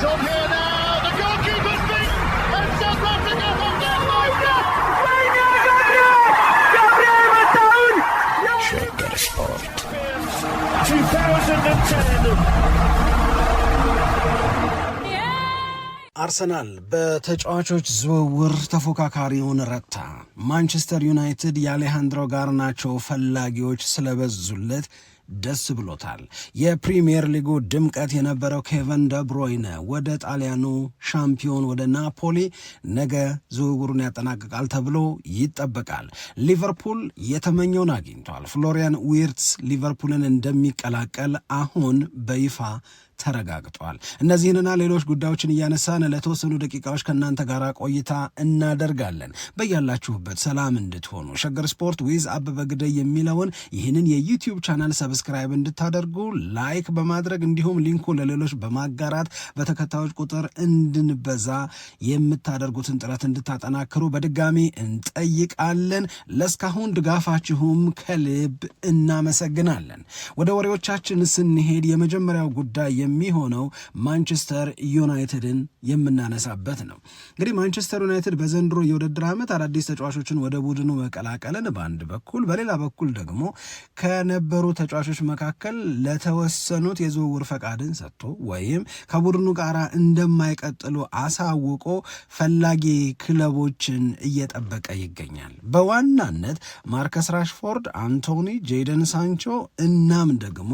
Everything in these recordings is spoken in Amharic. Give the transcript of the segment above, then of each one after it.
It's on here now. The goalkeeper's beat, and South Africa have done 2010 አርሰናል በተጫዋቾች ዝውውር ተፎካካሪውን ረታ። ማንቸስተር ዩናይትድ የአሌሃንድሮ ጋርናቾ ፈላጊዎች ስለበዙለት ደስ ብሎታል። የፕሪምየር ሊጉ ድምቀት የነበረው ኬቨን ደብሮይነ ወደ ጣሊያኑ ሻምፒዮን ወደ ናፖሊ ነገ ዝውውሩን ያጠናቅቃል ተብሎ ይጠበቃል። ሊቨርፑል የተመኘውን አግኝቷል። ፍሎሪያን ዊርትስ ሊቨርፑልን እንደሚቀላቀል አሁን በይፋ ተረጋግጧል። እነዚህንና ሌሎች ጉዳዮችን እያነሳን ለተወሰኑ ደቂቃዎች ከእናንተ ጋር ቆይታ እናደርጋለን። በያላችሁበት ሰላም እንድትሆኑ ሸገር ስፖርት ዊዝ አበበ ግደይ የሚለውን ይህንን የዩቲዩብ ቻናል ሰብስክራይብ እንድታደርጉ፣ ላይክ በማድረግ እንዲሁም ሊንኩ ለሌሎች በማጋራት በተከታዮች ቁጥር እንድንበዛ የምታደርጉትን ጥረት እንድታጠናክሩ በድጋሚ እንጠይቃለን። ለእስካሁን ድጋፋችሁም ከልብ እናመሰግናለን። ወደ ወሬዎቻችን ስንሄድ የመጀመሪያው ጉዳይ የሚሆነው ማንቸስተር ዩናይትድን የምናነሳበት ነው። እንግዲህ ማንቸስተር ዩናይትድ በዘንድሮ የውድድር ዓመት አዳዲስ ተጫዋቾችን ወደ ቡድኑ መቀላቀልን በአንድ በኩል፣ በሌላ በኩል ደግሞ ከነበሩ ተጫዋቾች መካከል ለተወሰኑት የዝውውር ፈቃድን ሰጥቶ ወይም ከቡድኑ ጋር እንደማይቀጥሉ አሳውቆ ፈላጊ ክለቦችን እየጠበቀ ይገኛል። በዋናነት ማርከስ ራሽፎርድ፣ አንቶኒ፣ ጄደን ሳንቾ እናም ደግሞ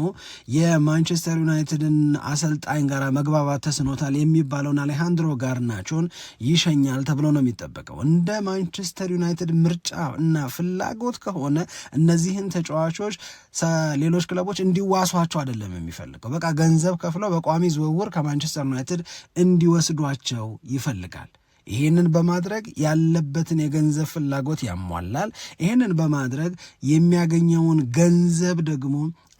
የማንቸስተር ዩናይትድን አሰልጣኝ ጋር መግባባት ተስኖታል የሚባለውን አሌሃንድሮ ጋርናቾን ይሸኛል ተብሎ ነው የሚጠበቀው። እንደ ማንቸስተር ዩናይትድ ምርጫ እና ፍላጎት ከሆነ እነዚህን ተጫዋቾች ሌሎች ክለቦች እንዲዋሷቸው አይደለም የሚፈልገው። በቃ ገንዘብ ከፍለው በቋሚ ዝውውር ከማንቸስተር ዩናይትድ እንዲወስዷቸው ይፈልጋል። ይህንን በማድረግ ያለበትን የገንዘብ ፍላጎት ያሟላል። ይህንን በማድረግ የሚያገኘውን ገንዘብ ደግሞ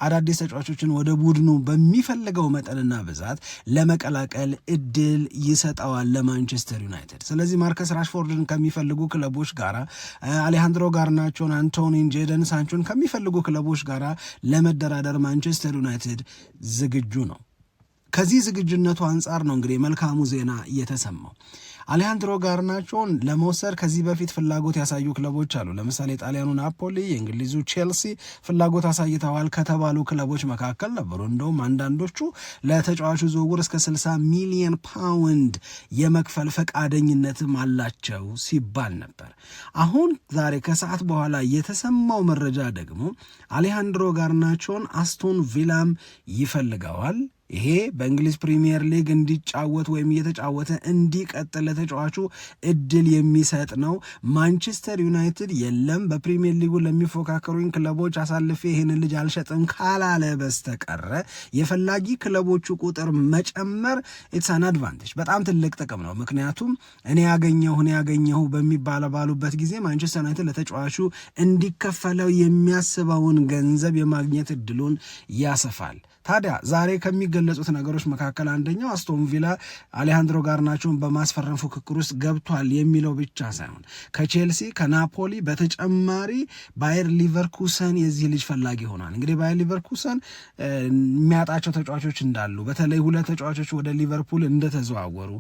አዳዲስ ተጫዋቾችን ወደ ቡድኑ በሚፈልገው መጠንና ብዛት ለመቀላቀል እድል ይሰጠዋል ለማንቸስተር ዩናይትድ። ስለዚህ ማርከስ ራሽፎርድን ከሚፈልጉ ክለቦች ጋር አሌሃንድሮ ጋርናቾን፣ አንቶኒን፣ ጄደን ሳንቾን ከሚፈልጉ ክለቦች ጋር ለመደራደር ማንቸስተር ዩናይትድ ዝግጁ ነው። ከዚህ ዝግጁነቱ አንጻር ነው እንግዲህ መልካሙ ዜና እየተሰማው አሌሃንድሮ ጋርናቾን ለመውሰድ ከዚህ በፊት ፍላጎት ያሳዩ ክለቦች አሉ። ለምሳሌ የጣሊያኑ ናፖሊ፣ የእንግሊዙ ቼልሲ ፍላጎት አሳይተዋል ከተባሉ ክለቦች መካከል ነበሩ። እንደውም አንዳንዶቹ ለተጫዋቹ ዝውውር እስከ 60 ሚሊዮን ፓውንድ የመክፈል ፈቃደኝነትም አላቸው ሲባል ነበር። አሁን ዛሬ ከሰዓት በኋላ የተሰማው መረጃ ደግሞ አሌሃንድሮ ጋርናቾን አስቶን ቪላም ይፈልገዋል ይሄ በእንግሊዝ ፕሪሚየር ሊግ እንዲጫወት ወይም እየተጫወተ እንዲቀጥል ለተጫዋቹ እድል የሚሰጥ ነው። ማንቸስተር ዩናይትድ የለም በፕሪሚየር ሊጉ ለሚፎካከሩኝ ክለቦች አሳልፌ ይህንን ልጅ አልሸጥም ካላለ በስተቀረ የፈላጊ ክለቦቹ ቁጥር መጨመር ኢትሳን አድቫንቴጅ በጣም ትልቅ ጥቅም ነው። ምክንያቱም እኔ ያገኘሁ እኔ ያገኘሁ በሚባለ ባሉበት ጊዜ ማንቸስተር ዩናይትድ ለተጫዋቹ እንዲከፈለው የሚያስበውን ገንዘብ የማግኘት እድሉን ያሰፋል። ታዲያ ዛሬ ከሚ ከሚገለጹት ነገሮች መካከል አንደኛው አስቶን ቪላ አሌሃንድሮ ጋርናቾን በማስፈረም ፉክክር ውስጥ ገብቷል የሚለው ብቻ ሳይሆን ከቼልሲ ከናፖሊ በተጨማሪ ባየር ሊቨርኩሰን የዚህ ልጅ ፈላጊ ሆኗል። እንግዲህ ባየር ሊቨርኩሰን የሚያጣቸው ተጫዋቾች እንዳሉ በተለይ ሁለት ተጫዋቾች ወደ ሊቨርፑል እንደተዘዋወሩ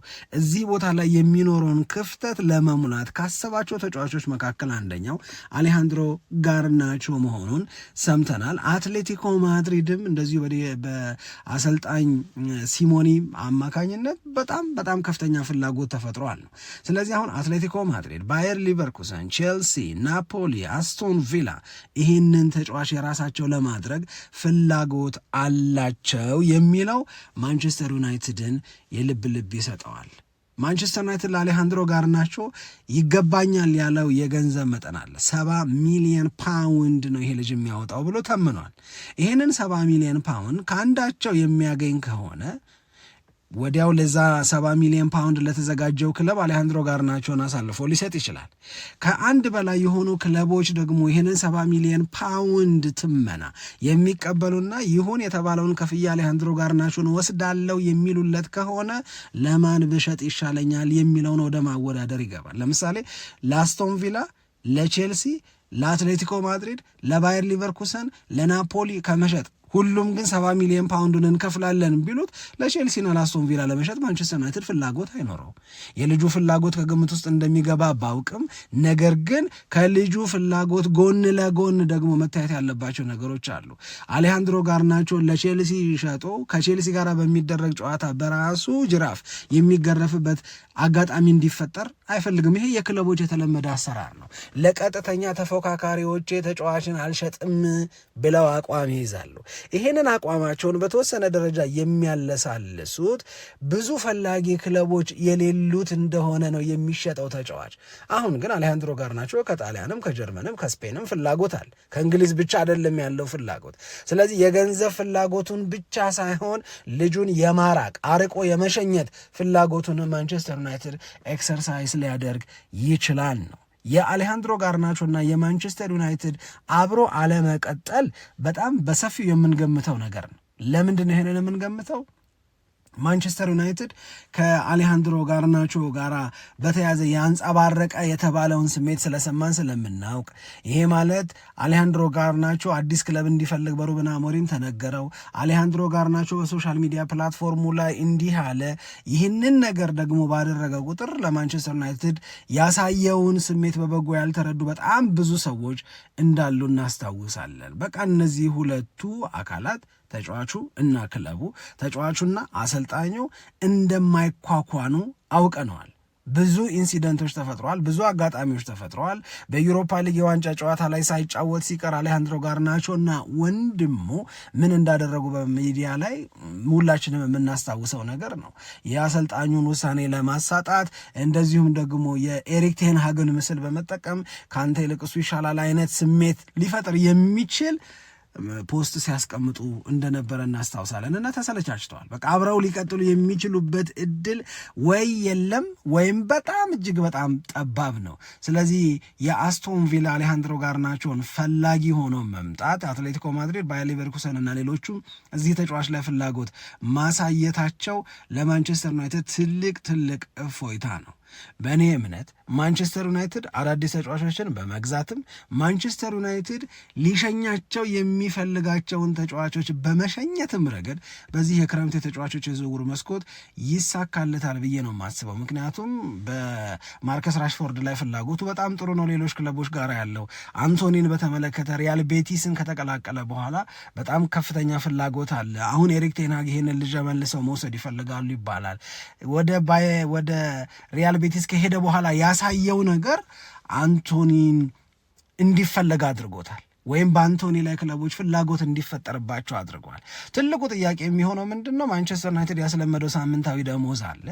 እዚህ ቦታ ላይ የሚኖረውን ክፍተት ለመሙላት ካሰባቸው ተጫዋቾች መካከል አንደኛው አሌሃንድሮ ጋርናቾ መሆኑን ሰምተናል። አትሌቲኮ ማድሪድም እንደዚሁ በአሰልጣ በአሰልጣኝ ሲሞኒ አማካኝነት በጣም በጣም ከፍተኛ ፍላጎት ተፈጥሯል ነው። ስለዚህ አሁን አትሌቲኮ ማድሪድ፣ ባየር ሊቨርኩሰን፣ ቼልሲ፣ ናፖሊ፣ አስቶን ቪላ ይህንን ተጫዋች የራሳቸው ለማድረግ ፍላጎት አላቸው የሚለው ማንቸስተር ዩናይትድን የልብ ልብ ይሰጠዋል። ማንቸስተር ዩናይትድ ለአሌሃንድሮ ጋርናቾ ይገባኛል ያለው የገንዘብ መጠን አለ። ሰባ ሚሊየን ፓውንድ ነው ይሄ ልጅ የሚያወጣው ብሎ ተምኗል። ይህንን ሰባ ሚሊየን ፓውንድ ከአንዳቸው የሚያገኝ ከሆነ ወዲያው ለዛ 70 ሚሊዮን ፓውንድ ለተዘጋጀው ክለብ አሌሃንድሮ ጋርናቾን አሳልፎ ሊሰጥ ይችላል። ከአንድ በላይ የሆኑ ክለቦች ደግሞ ይህንን 70 ሚሊዮን ፓውንድ ትመና የሚቀበሉና ይሁን የተባለውን ክፍያ አሌሃንድሮ ጋርናቾን ወስዳለው የሚሉለት ከሆነ ለማን ብሸጥ ይሻለኛል የሚለውን ወደ ማወዳደር ይገባል። ለምሳሌ ለአስቶን ቪላ፣ ለቼልሲ፣ ለአትሌቲኮ ማድሪድ፣ ለባየር ሊቨርኩሰን፣ ለናፖሊ ከመሸጥ ሁሉም ግን ሰባ ሚሊዮን ፓውንዱን እንከፍላለን ቢሉት ለቼልሲና ላስቶን ቪላ ለመሸጥ ማንቸስተር ዩናይትድ ፍላጎት አይኖረውም የልጁ ፍላጎት ከግምት ውስጥ እንደሚገባ ባውቅም፣ ነገር ግን ከልጁ ፍላጎት ጎን ለጎን ደግሞ መታየት ያለባቸው ነገሮች አሉ። አሌሃንድሮ ጋርናቾን ለቼልሲ ሸጦ ከቼልሲ ጋር በሚደረግ ጨዋታ በራሱ ጅራፍ የሚገረፍበት አጋጣሚ እንዲፈጠር አይፈልግም። ይሄ የክለቦች የተለመደ አሰራር ነው። ለቀጥተኛ ተፎካካሪዎቼ ተጫዋችን አልሸጥም ብለው አቋም ይይዛሉ። ይሄንን አቋማቸውን በተወሰነ ደረጃ የሚያለሳልሱት ብዙ ፈላጊ ክለቦች የሌሉት እንደሆነ ነው የሚሸጠው ተጫዋች። አሁን ግን አሌሃንድሮ ጋርናቾ ከጣሊያንም ከጀርመንም ከስፔንም ፍላጎት አለ። ከእንግሊዝ ብቻ አይደለም ያለው ፍላጎት። ስለዚህ የገንዘብ ፍላጎቱን ብቻ ሳይሆን ልጁን የማራቅ አርቆ የመሸኘት ፍላጎቱን ማንቸስተር ዩናይትድ ኤክሰርሳይዝ ሊያደርግ ይችላል ነው የአሌሃንድሮ ጋርናቾ እና የማንቸስተር ዩናይትድ አብሮ አለመቀጠል በጣም በሰፊው የምንገምተው ነገር ነው። ለምንድን ነው ይሄንን የምንገምተው? ማንቸስተር ዩናይትድ ከአሌሃንድሮ ጋርናቾ ጋር በተያዘ ያንጸባረቀ የተባለውን ስሜት ስለሰማን ስለምናውቅ ይሄ ማለት አሌሃንድሮ ጋርናቾ አዲስ ክለብ እንዲፈልግ በሩበን አሞሪም ተነገረው። አሌሃንድሮ ጋርናቾ በሶሻል ሚዲያ ፕላትፎርሙ ላይ እንዲህ አለ። ይህንን ነገር ደግሞ ባደረገ ቁጥር ለማንቸስተር ዩናይትድ ያሳየውን ስሜት በበጎ ያልተረዱ በጣም ብዙ ሰዎች እንዳሉ እናስታውሳለን። በቃ እነዚህ ሁለቱ አካላት ተጫዋቹ እና ክለቡ ተጫዋቹና አሰልጣኙ እንደማይኳኳኑ አውቀነዋል። ብዙ ኢንሲደንቶች ተፈጥረዋል። ብዙ አጋጣሚዎች ተፈጥረዋል። በዩሮፓ ሊግ የዋንጫ ጨዋታ ላይ ሳይጫወት ሲቀር አሌሃንድሮ ጋርናቾ እና ወንድሙ ምን እንዳደረጉ በሚዲያ ላይ ሁላችንም የምናስታውሰው ነገር ነው። የአሰልጣኙን ውሳኔ ለማሳጣት እንደዚሁም ደግሞ የኤሪክ ቴንሃግን ምስል በመጠቀም ከአንተ ይልቅ እሱ ይሻላል አይነት ስሜት ሊፈጥር የሚችል ፖስት ሲያስቀምጡ እንደነበረ እናስታውሳለን። እና ተሰለቻችተዋል። በቃ አብረው ሊቀጥሉ የሚችሉበት እድል ወይ የለም ወይም በጣም እጅግ በጣም ጠባብ ነው። ስለዚህ የአስቶን ቪላ አሌሃንድሮ ጋርናቾን ፈላጊ ሆኖ መምጣት አትሌቲኮ ማድሪድ፣ ባየር ሌቨርኩሰን እና ሌሎቹም እዚህ ተጫዋች ላይ ፍላጎት ማሳየታቸው ለማንቸስተር ዩናይትድ ትልቅ ትልቅ እፎይታ ነው። በእኔ እምነት ማንቸስተር ዩናይትድ አዳዲስ ተጫዋቾችን በመግዛትም ማንቸስተር ዩናይትድ ሊሸኛቸው የሚፈልጋቸውን ተጫዋቾች በመሸኘትም ረገድ በዚህ የክረምት የተጫዋቾች የዝውውር መስኮት ይሳካለታል ብዬ ነው የማስበው። ምክንያቱም በማርከስ ራሽፎርድ ላይ ፍላጎቱ በጣም ጥሩ ነው፣ ሌሎች ክለቦች ጋር ያለው አንቶኒን በተመለከተ ሪያል ቤቲስን ከተቀላቀለ በኋላ በጣም ከፍተኛ ፍላጎት አለ። አሁን ኤሪክ ቴናግ ይሄንን ልጅ መልሰው መውሰድ ይፈልጋሉ ይባላል ወደ ወደ ሪያል ሪያል ቤቲስ ከሄደ በኋላ ያሳየው ነገር አንቶኒን እንዲፈለግ አድርጎታል ወይም በአንቶኒ ላይ ክለቦች ፍላጎት እንዲፈጠርባቸው አድርጓል። ትልቁ ጥያቄ የሚሆነው ምንድን ነው? ማንቸስተር ዩናይትድ ያስለመደው ሳምንታዊ ደሞዝ አለ።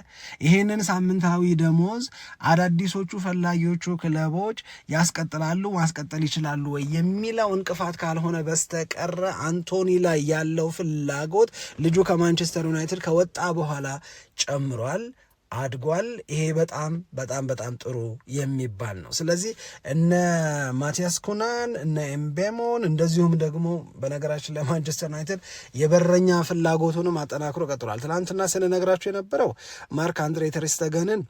ይሄንን ሳምንታዊ ደሞዝ አዳዲሶቹ ፈላጊዎቹ ክለቦች ያስቀጥላሉ፣ ማስቀጠል ይችላሉ ወይ የሚለው እንቅፋት ካልሆነ በስተቀረ አንቶኒ ላይ ያለው ፍላጎት ልጁ ከማንቸስተር ዩናይትድ ከወጣ በኋላ ጨምሯል። አድጓል። ይሄ በጣም በጣም በጣም ጥሩ የሚባል ነው። ስለዚህ እነ ማቲያስ ኩናን እነ ኤምቤሞን እንደዚሁም ደግሞ በነገራችን ለማንቸስተር ዩናይትድ የበረኛ ፍላጎቱንም አጠናክሮ ቀጥሏል። ትናንትና ስንነግራችሁ የነበረው ማርክ አንድሬ ተሪስተገንን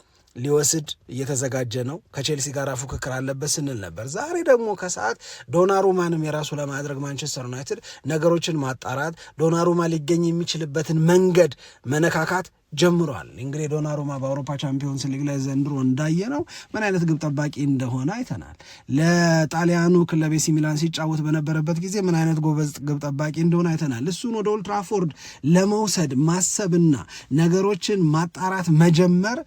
ሊወስድ እየተዘጋጀ ነው፣ ከቼልሲ ጋር ፉክክር አለበት ስንል ነበር። ዛሬ ደግሞ ከሰዓት ዶናሩማንም የራሱ ለማድረግ ማንቸስተር ዩናይትድ ነገሮችን ማጣራት ዶናሩማ ሊገኝ የሚችልበትን መንገድ መነካካት ጀምሯል። እንግዲህ ዶናሩማ በአውሮፓ ቻምፒዮንስ ሊግ ላይ ዘንድሮ እንዳየነው ምን አይነት ግብ ጠባቂ እንደሆነ አይተናል። ለጣሊያኑ ክለብ ኤሲ ሚላን ሲጫወት በነበረበት ጊዜ ምን አይነት ጎበዝ ግብ ጠባቂ እንደሆነ አይተናል። እሱን ወደ ኦልትራፎርድ ለመውሰድ ማሰብና ነገሮችን ማጣራት መጀመር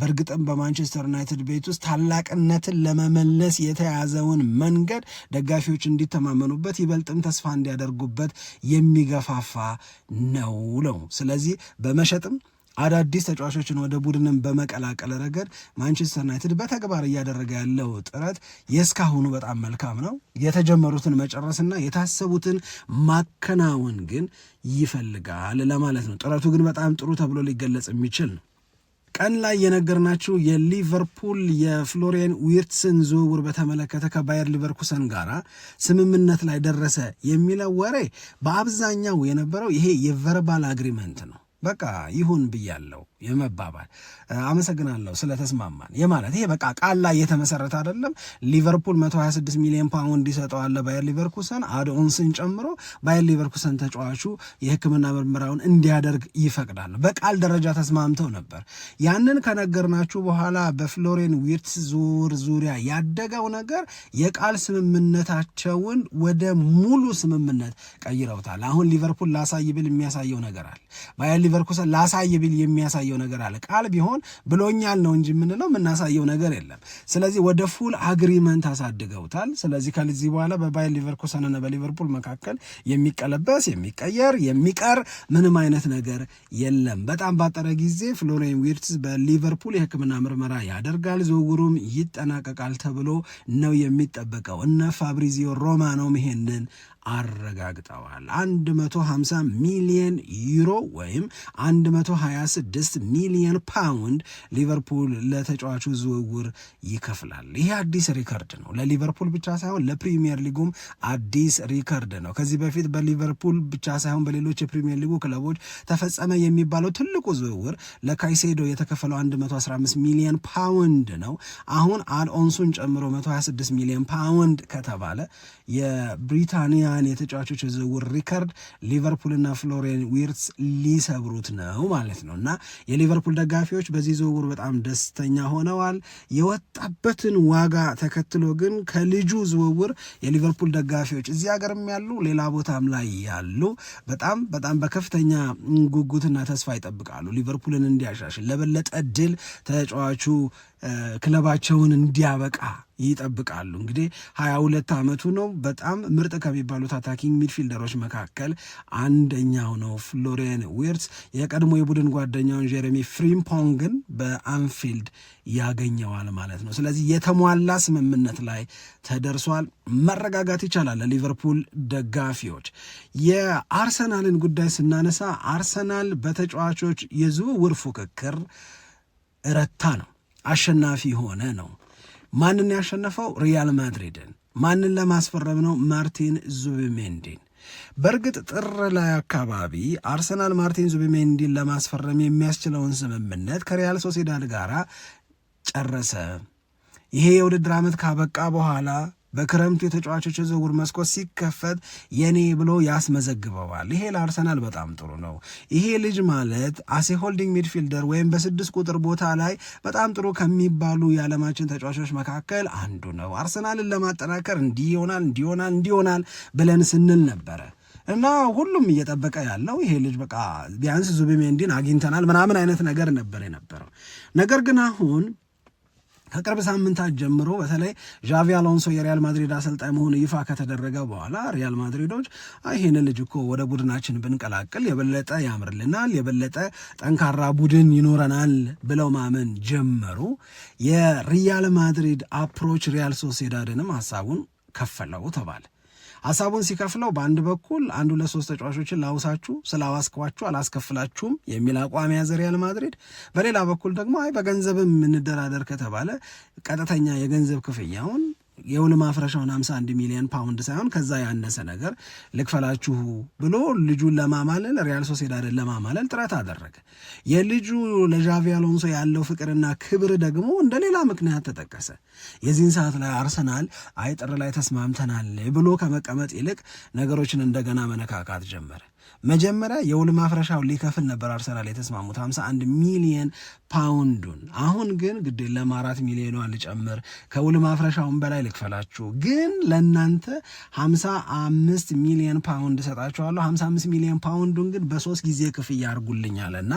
በእርግጥም በማንቸስተር ዩናይትድ ቤት ውስጥ ታላቅነትን ለመመለስ የተያዘውን መንገድ ደጋፊዎች እንዲተማመኑበት ይበልጥም ተስፋ እንዲያደርጉበት የሚገፋፋ ነው ነው ስለዚህ በመሸጥም አዳዲስ ተጫዋቾችን ወደ ቡድንም በመቀላቀል ረገድ ማንቸስተር ዩናይትድ በተግባር እያደረገ ያለው ጥረት የእስካሁኑ በጣም መልካም ነው። የተጀመሩትን መጨረስና የታሰቡትን ማከናወን ግን ይፈልጋል ለማለት ነው። ጥረቱ ግን በጣም ጥሩ ተብሎ ሊገለጽ የሚችል ነው። ቀን ላይ የነገርናችሁ የሊቨርፑል የፍሎሪያን ዊርትስን ዝውውር በተመለከተ ከባየር ሊቨርኩሰን ጋር ስምምነት ላይ ደረሰ የሚለው ወሬ በአብዛኛው የነበረው ይሄ የቨርባል አግሪመንት ነው። በቃ ይሁን ብያለው የመባባል አመሰግናለሁ ስለተስማማን የማለት ይሄ በቃ ቃል ላይ የተመሰረተ አይደለም። ሊቨርፑል 126 ሚሊዮን ፓውንድ ይሰጠዋል ባየር ሊቨርኩሰን አድኦንስን ጨምሮ ባየር ሊቨርኩሰን ተጫዋቹ የሕክምና ምርመራውን እንዲያደርግ ይፈቅዳል። በቃል ደረጃ ተስማምተው ነበር። ያንን ከነገርናችሁ በኋላ በፍሎሬን ዊርትስ ዙር ዙሪያ ያደገው ነገር የቃል ስምምነታቸውን ወደ ሙሉ ስምምነት ቀይረውታል። አሁን ሊቨርፑል ላሳይ ብል የሚያሳየው ነገር አለ ሊቨርኩሰን ላሳይ ቢል የሚያሳየው ነገር አለ። ቃል ቢሆን ብሎኛል ነው እንጂ የምንለው የምናሳየው ነገር የለም። ስለዚህ ወደ ፉል አግሪመንት አሳድገውታል። ስለዚህ ከዚህ በኋላ በባየር ሊቨርኩሰንና በሊቨርፑል መካከል የሚቀለበስ የሚቀየር የሚቀር ምንም አይነት ነገር የለም። በጣም ባጠረ ጊዜ ፍሎሬን ዊርትስ በሊቨርፑል የሕክምና ምርመራ ያደርጋል፣ ዝውውሩም ይጠናቀቃል ተብሎ ነው የሚጠበቀው። እነ ፋብሪዚዮ ሮማኖም ይሄንን አረጋግጠዋል። 150 ሚሊየን ዩሮ ወይም 126 ሚሊየን ፓውንድ ሊቨርፑል ለተጫዋቹ ዝውውር ይከፍላል። ይህ አዲስ ሪከርድ ነው፣ ለሊቨርፑል ብቻ ሳይሆን ለፕሪሚየር ሊጉም አዲስ ሪከርድ ነው። ከዚህ በፊት በሊቨርፑል ብቻ ሳይሆን በሌሎች የፕሪሚየር ሊጉ ክለቦች ተፈጸመ የሚባለው ትልቁ ዝውውር ለካይሴዶ የተከፈለው 115 ሚሊየን ፓውንድ ነው። አሁን አልኦንሱን ጨምሮ 126 ሚሊየን ፓውንድ ከተባለ የብሪታንያ የማን የተጫዋቾች ዝውውር ሪከርድ ሊቨርፑልና ፍሎሪያን ዊርትስ ሊሰብሩት ነው ማለት ነው እና የሊቨርፑል ደጋፊዎች በዚህ ዝውውር በጣም ደስተኛ ሆነዋል። የወጣበትን ዋጋ ተከትሎ ግን ከልጁ ዝውውር የሊቨርፑል ደጋፊዎች እዚህ ሀገርም ያሉ ሌላ ቦታም ላይ ያሉ በጣም በጣም በከፍተኛ ጉጉትና ተስፋ ይጠብቃሉ ሊቨርፑልን እንዲያሻሽል ለበለጠ ድል ተጫዋቹ ክለባቸውን እንዲያበቃ ይጠብቃሉ። እንግዲህ ሀያ ሁለት ዓመቱ ነው። በጣም ምርጥ ከሚባሉት አታኪንግ ሚድፊልደሮች መካከል አንደኛው ነው። ፍሎሪያን ዊርትስ የቀድሞ የቡድን ጓደኛውን ጀረሚ ፍሪምፖንግን በአንፊልድ ያገኘዋል ማለት ነው። ስለዚህ የተሟላ ስምምነት ላይ ተደርሷል። መረጋጋት ይቻላል። ለሊቨርፑል ደጋፊዎች የአርሰናልን ጉዳይ ስናነሳ አርሰናል በተጫዋቾች የዝውውር ፉክክር ረታ ነው፣ አሸናፊ ሆነ ነው ማንን ያሸነፈው? ሪያል ማድሪድን። ማንን ለማስፈረም ነው? ማርቲን ዙቢሜንዲን። በእርግጥ ጥር ላይ አካባቢ አርሰናል ማርቲን ዙቢሜንዲን ለማስፈረም የሚያስችለውን ስምምነት ከሪያል ሶሴዳድ ጋር ጨረሰ። ይሄ የውድድር ዓመት ካበቃ በኋላ በክረምቱ የተጫዋቾች የዝውውር መስኮት ሲከፈት የኔ ብሎ ያስመዘግበዋል። ይሄ ለአርሰናል በጣም ጥሩ ነው። ይሄ ልጅ ማለት አሴ ሆልዲንግ ሚድፊልደር ወይም በስድስት ቁጥር ቦታ ላይ በጣም ጥሩ ከሚባሉ የዓለማችን ተጫዋቾች መካከል አንዱ ነው። አርሰናልን ለማጠናከር እንዲህ ይሆናል እንዲህ ይሆናል እንዲህ ይሆናል ብለን ስንል ነበረ እና ሁሉም እየጠበቀ ያለው ይሄ ልጅ በቃ ቢያንስ ዙቢሜንዲን አግኝተናል ምናምን አይነት ነገር ነበር የነበረው ነገር ግን አሁን ከቅርብ ሳምንታት ጀምሮ በተለይ ዣቪ አሎንሶ የሪያል ማድሪድ አሰልጣኝ መሆኑ ይፋ ከተደረገ በኋላ ሪያል ማድሪዶች ይህን ልጅ እኮ ወደ ቡድናችን ብንቀላቅል የበለጠ ያምርልናል፣ የበለጠ ጠንካራ ቡድን ይኖረናል ብለው ማመን ጀመሩ። የሪያል ማድሪድ አፕሮች ሪያል ሶሴዳድንም ሀሳቡን ከፈለው ተባለ። ሀሳቡን ሲከፍለው በአንድ በኩል አንድ ሁለት ሶስት ተጫዋቾችን ላውሳችሁ ስላዋስኳችሁ አላስከፍላችሁም የሚል አቋም ያዘ ሪያል ማድሪድ። በሌላ በኩል ደግሞ አይ በገንዘብም እንደራደር ከተባለ ቀጥተኛ የገንዘብ ክፍያውን የውል ማፍረሻውን 51 ሚሊዮን ፓውንድ ሳይሆን ከዛ ያነሰ ነገር ልክፈላችሁ ብሎ ልጁን ለማማለል ሪያል ሶሴዳድን ለማማለል ጥረት አደረገ። የልጁ ለዣቪ አሎንሶ ያለው ፍቅርና ክብር ደግሞ እንደ ሌላ ምክንያት ተጠቀሰ። የዚህን ሰዓት ላይ አርሰናል አይ ጥር ላይ ተስማምተናል ብሎ ከመቀመጥ ይልቅ ነገሮችን እንደገና መነካካት ጀመረ። መጀመሪያ የውል ማፍረሻውን ሊከፍል ነበር አርሰናል የተስማሙት 51 ሚሊየን ፓውንዱን። አሁን ግን ግዴለም አራት ሚሊዮኗን ልጨምር ከውል ማፍረሻውን በላይ ልክፈላችሁ፣ ግን ለእናንተ 55 ሚሊየን ፓውንድ እሰጣችኋለሁ፣ 55 ሚሊየን ፓውንዱን ግን በሶስት ጊዜ ክፍያ እና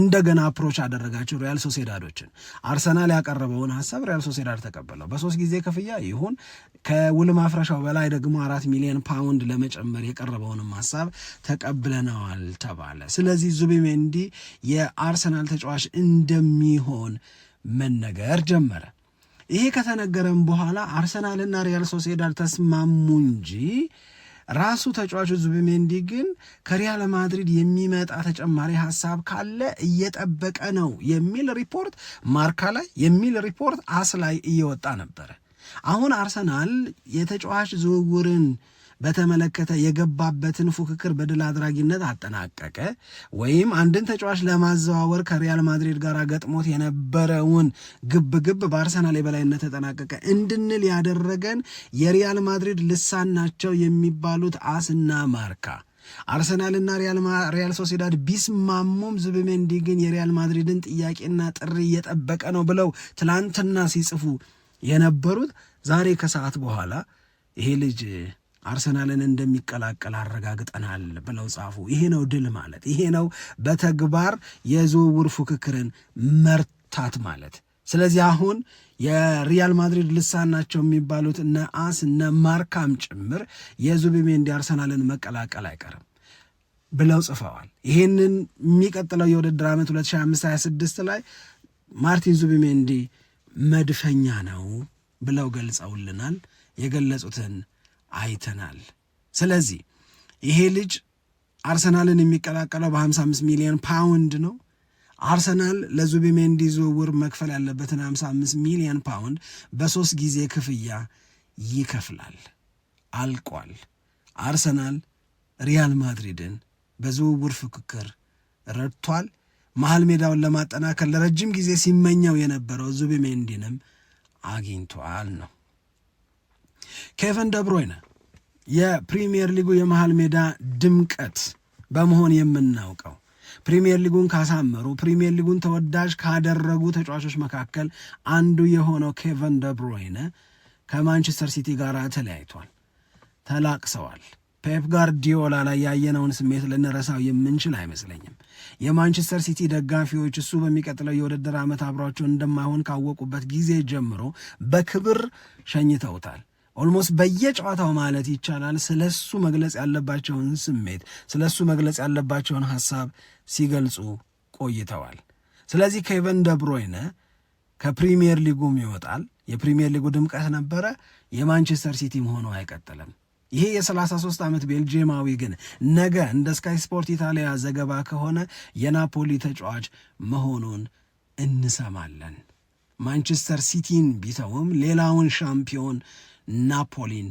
እንደገና አፕሮች አደረጋችሁ ሪያል ሶሴዳዶችን። አርሰናል ያቀረበውን ሀሳብ ሪያል ሶሴዳድ ተቀበለው። በሶስት ጊዜ ክፍያ ይሁን ከውል ማፍረሻው በላይ ደግሞ አራት ሚሊዮን ፓውንድ ለመጨመር የቀረበውንም ሀሳብ ተቀ ተቀብለነዋል ተባለ። ስለዚህ ዙቢሜንዲ የአርሰናል ተጫዋች እንደሚሆን መነገር ጀመረ። ይሄ ከተነገረም በኋላ አርሰናልና ሪያል ሶሴዳድ ተስማሙ እንጂ ራሱ ተጫዋቹ ዙቢሜንዲ ግን ከሪያል ማድሪድ የሚመጣ ተጨማሪ ሀሳብ ካለ እየጠበቀ ነው የሚል ሪፖርት ማርካ ላይ የሚል ሪፖርት አስ ላይ እየወጣ ነበረ። አሁን አርሰናል የተጫዋች ዝውውርን በተመለከተ የገባበትን ፉክክር በድል አድራጊነት አጠናቀቀ ወይም አንድን ተጫዋች ለማዘዋወር ከሪያል ማድሪድ ጋር ገጥሞት የነበረውን ግብ ግብ በአርሰናል የበላይነት ተጠናቀቀ እንድንል ያደረገን የሪያል ማድሪድ ልሳን ናቸው የሚባሉት አስና ማርካ አርሰናልና ሪያል ሶሲዳድ ቢስማሙም ዙቢሜንዲ ግን የሪያል ማድሪድን ጥያቄና ጥሪ እየጠበቀ ነው ብለው ትላንትና ሲጽፉ የነበሩት ዛሬ ከሰዓት በኋላ ይሄ ልጅ አርሰናልን እንደሚቀላቀል አረጋግጠናል ብለው ጻፉ። ይሄ ነው ድል ማለት፣ ይሄ ነው በተግባር የዝውውር ፉክክርን መርታት ማለት። ስለዚህ አሁን የሪያል ማድሪድ ልሳን ናቸው የሚባሉት እነ አስ እነ ማርካም ጭምር የዙቢሜንዲ አርሰናልን መቀላቀል አይቀርም ብለው ጽፈዋል። ይህንን የሚቀጥለው የውድድር ዓመት 2025/26 ላይ ማርቲን ዙቢሜንዲ መድፈኛ ነው ብለው ገልጸውልናል። የገለጹትን አይተናል። ስለዚህ ይሄ ልጅ አርሰናልን የሚቀላቀለው በ55 ሚሊዮን ፓውንድ ነው። አርሰናል ለዙቢሜንዲ ዝውውር መክፈል ያለበትን 55 ሚሊዮን ፓውንድ በሶስት ጊዜ ክፍያ ይከፍላል። አልቋል። አርሰናል ሪያል ማድሪድን በዝውውር ፍክክር ረድቷል። መሀል ሜዳውን ለማጠናከር ለረጅም ጊዜ ሲመኘው የነበረው ዙቢሜንዲንም አግኝቷል ነው ኬቨን ደብሮይነ የፕሪምየር ሊጉ የመሃል ሜዳ ድምቀት በመሆን የምናውቀው ፕሪምየር ሊጉን ካሳመሩ ፕሪሚየር ሊጉን ተወዳጅ ካደረጉ ተጫዋቾች መካከል አንዱ የሆነው ኬቨን ደብሮይነ ከማንቸስተር ሲቲ ጋር ተለያይቷል፣ ተላቅሰዋል። ፔፕ ጋርዲዮላ ላይ ያየነውን ስሜት ልንረሳው የምንችል አይመስለኝም። የማንቸስተር ሲቲ ደጋፊዎች እሱ በሚቀጥለው የውድድር ዓመት አብሯቸው እንደማይሆን ካወቁበት ጊዜ ጀምሮ በክብር ሸኝተውታል። ኦልሞስት በየጨዋታው ማለት ይቻላል ስለ እሱ መግለጽ ያለባቸውን ስሜት ስለ እሱ መግለጽ ያለባቸውን ሀሳብ ሲገልጹ ቆይተዋል። ስለዚህ ኬቨን ደብሮይነ ከፕሪሚየር ሊጉም ይወጣል። የፕሪሚየር ሊጉ ድምቀት ነበረ። የማንቸስተር ሲቲ ሆኖ አይቀጥልም። ይሄ የ33 ዓመት ቤልጅየማዊ ግን ነገ እንደ ስካይ ስፖርት ኢታሊያ ዘገባ ከሆነ የናፖሊ ተጫዋች መሆኑን እንሰማለን። ማንቸስተር ሲቲን ቢተውም ሌላውን ሻምፒዮን ናፖሊን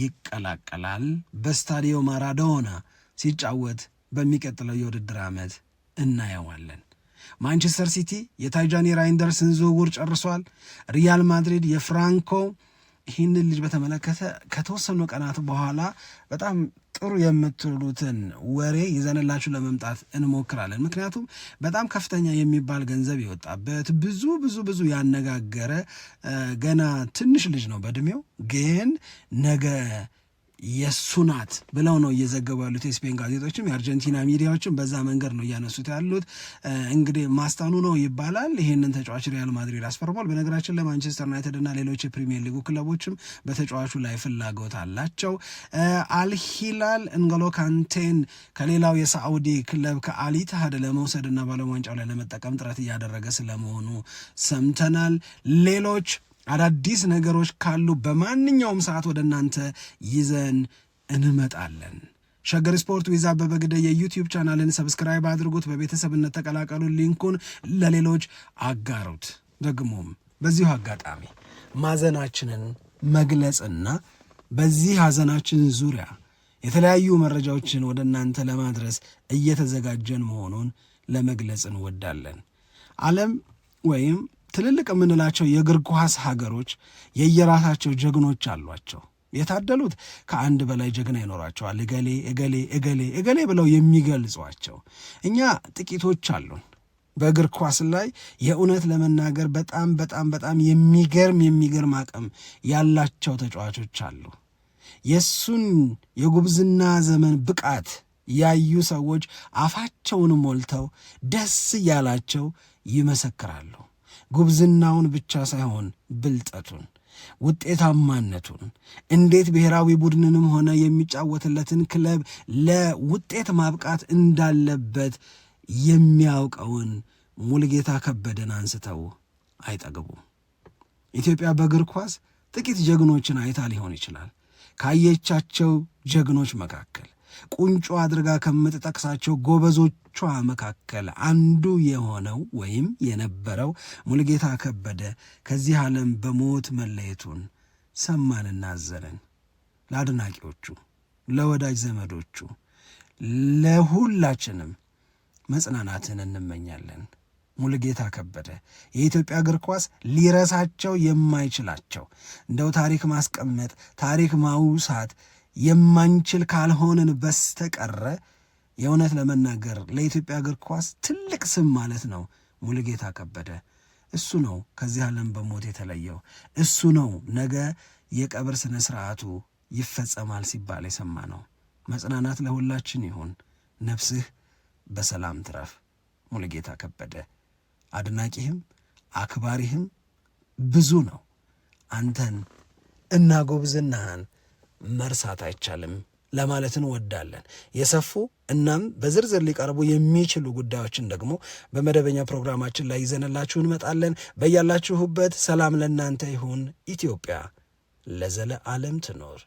ይቀላቀላል። በስታዲዮ ማራዶና ሲጫወት በሚቀጥለው የውድድር ዓመት እናየዋለን። ማንቸስተር ሲቲ የታይጃኒ ራይንደርስን ዝውውር ጨርሷል። ሪያል ማድሪድ የፍራንኮ ይህንን ልጅ በተመለከተ ከተወሰኑ ቀናት በኋላ በጣም ጥሩ የምትሉትን ወሬ ይዘንላችሁ ለመምጣት እንሞክራለን። ምክንያቱም በጣም ከፍተኛ የሚባል ገንዘብ የወጣበት ብዙ ብዙ ብዙ ያነጋገረ ገና ትንሽ ልጅ ነው በእድሜው ግን ነገ የእሱ ናት ብለው ነው እየዘገቡ ያሉት የስፔን ጋዜጦችም የአርጀንቲና ሚዲያዎችም በዛ መንገድ ነው እያነሱት ያሉት። እንግዲህ ማስታኑ ነው ይባላል። ይህንን ተጫዋች ሪያል ማድሪድ አስፈርሟል። በነገራችን ለማንቸስተር ዩናይትድ እና ሌሎች የፕሪሚየር ሊጉ ክለቦችም በተጫዋቹ ላይ ፍላጎት አላቸው። አልሂላል እንገሎ ካንቴን ከሌላው የሳዑዲ ክለብ ከአሊትሃድ ለመውሰድ እና ዋንጫው ላይ ለመጠቀም ጥረት እያደረገ ስለመሆኑ ሰምተናል። ሌሎች አዳዲስ ነገሮች ካሉ በማንኛውም ሰዓት ወደ እናንተ ይዘን እንመጣለን። ሸገር ስፖርት ዊዛ በበግደ የዩቲዩብ ቻናልን ሰብስክራይብ አድርጉት፣ በቤተሰብነት ተቀላቀሉ፣ ሊንኩን ለሌሎች አጋሩት። ደግሞም በዚሁ አጋጣሚ ማዘናችንን መግለጽና በዚህ ሐዘናችን ዙሪያ የተለያዩ መረጃዎችን ወደ እናንተ ለማድረስ እየተዘጋጀን መሆኑን ለመግለጽ እንወዳለን። ዓለም ወይም ትልልቅ የምንላቸው የእግር ኳስ ሀገሮች የየራሳቸው ጀግኖች አሏቸው። የታደሉት ከአንድ በላይ ጀግና ይኖራቸዋል። እገሌ እገሌ እገሌ እገሌ ብለው የሚገልጿቸው። እኛ ጥቂቶች አሉን። በእግር ኳስ ላይ የእውነት ለመናገር በጣም በጣም በጣም የሚገርም የሚገርም አቅም ያላቸው ተጫዋቾች አሉ። የእሱን የጉብዝና ዘመን ብቃት ያዩ ሰዎች አፋቸውን ሞልተው ደስ እያላቸው ይመሰክራሉ። ጉብዝናውን ብቻ ሳይሆን ብልጠቱን፣ ውጤታማነቱን እንዴት ብሔራዊ ቡድንንም ሆነ የሚጫወትለትን ክለብ ለውጤት ማብቃት እንዳለበት የሚያውቀውን ሙልጌታ ከበደን አንስተው አይጠግቡም። ኢትዮጵያ በእግር ኳስ ጥቂት ጀግኖችን አይታ ሊሆን ይችላል። ካየቻቸው ጀግኖች መካከል ቁንጮ አድርጋ ከምትጠቅሳቸው ጎበዞቿ መካከል አንዱ የሆነው ወይም የነበረው ሙሉጌታ ከበደ ከዚህ ዓለም በሞት መለየቱን ሰማንና አዘንን። ለአድናቂዎቹ፣ ለወዳጅ ዘመዶቹ፣ ለሁላችንም መጽናናትን እንመኛለን። ሙሉጌታ ከበደ የኢትዮጵያ እግር ኳስ ሊረሳቸው የማይችላቸው እንደው ታሪክ ማስቀመጥ ታሪክ ማውሳት የማንችል ካልሆንን በስተቀረ የእውነት ለመናገር ለኢትዮጵያ እግር ኳስ ትልቅ ስም ማለት ነው ሙሉጌታ ከበደ። እሱ ነው ከዚህ ዓለም በሞት የተለየው። እሱ ነው ነገ የቀብር ስነ ስርዓቱ ይፈጸማል ሲባል የሰማ ነው። መጽናናት ለሁላችን ይሁን። ነፍስህ በሰላም ትረፍ። ሙሉጌታ ከበደ አድናቂህም አክባሪህም ብዙ ነው። አንተን እና መርሳት አይቻልም ለማለት እንወዳለን። የሰፉ እናም በዝርዝር ሊቀርቡ የሚችሉ ጉዳዮችን ደግሞ በመደበኛ ፕሮግራማችን ላይ ይዘንላችሁ እንመጣለን። በያላችሁበት ሰላም ለእናንተ ይሁን። ኢትዮጵያ ለዘለ ዓለም ትኖር።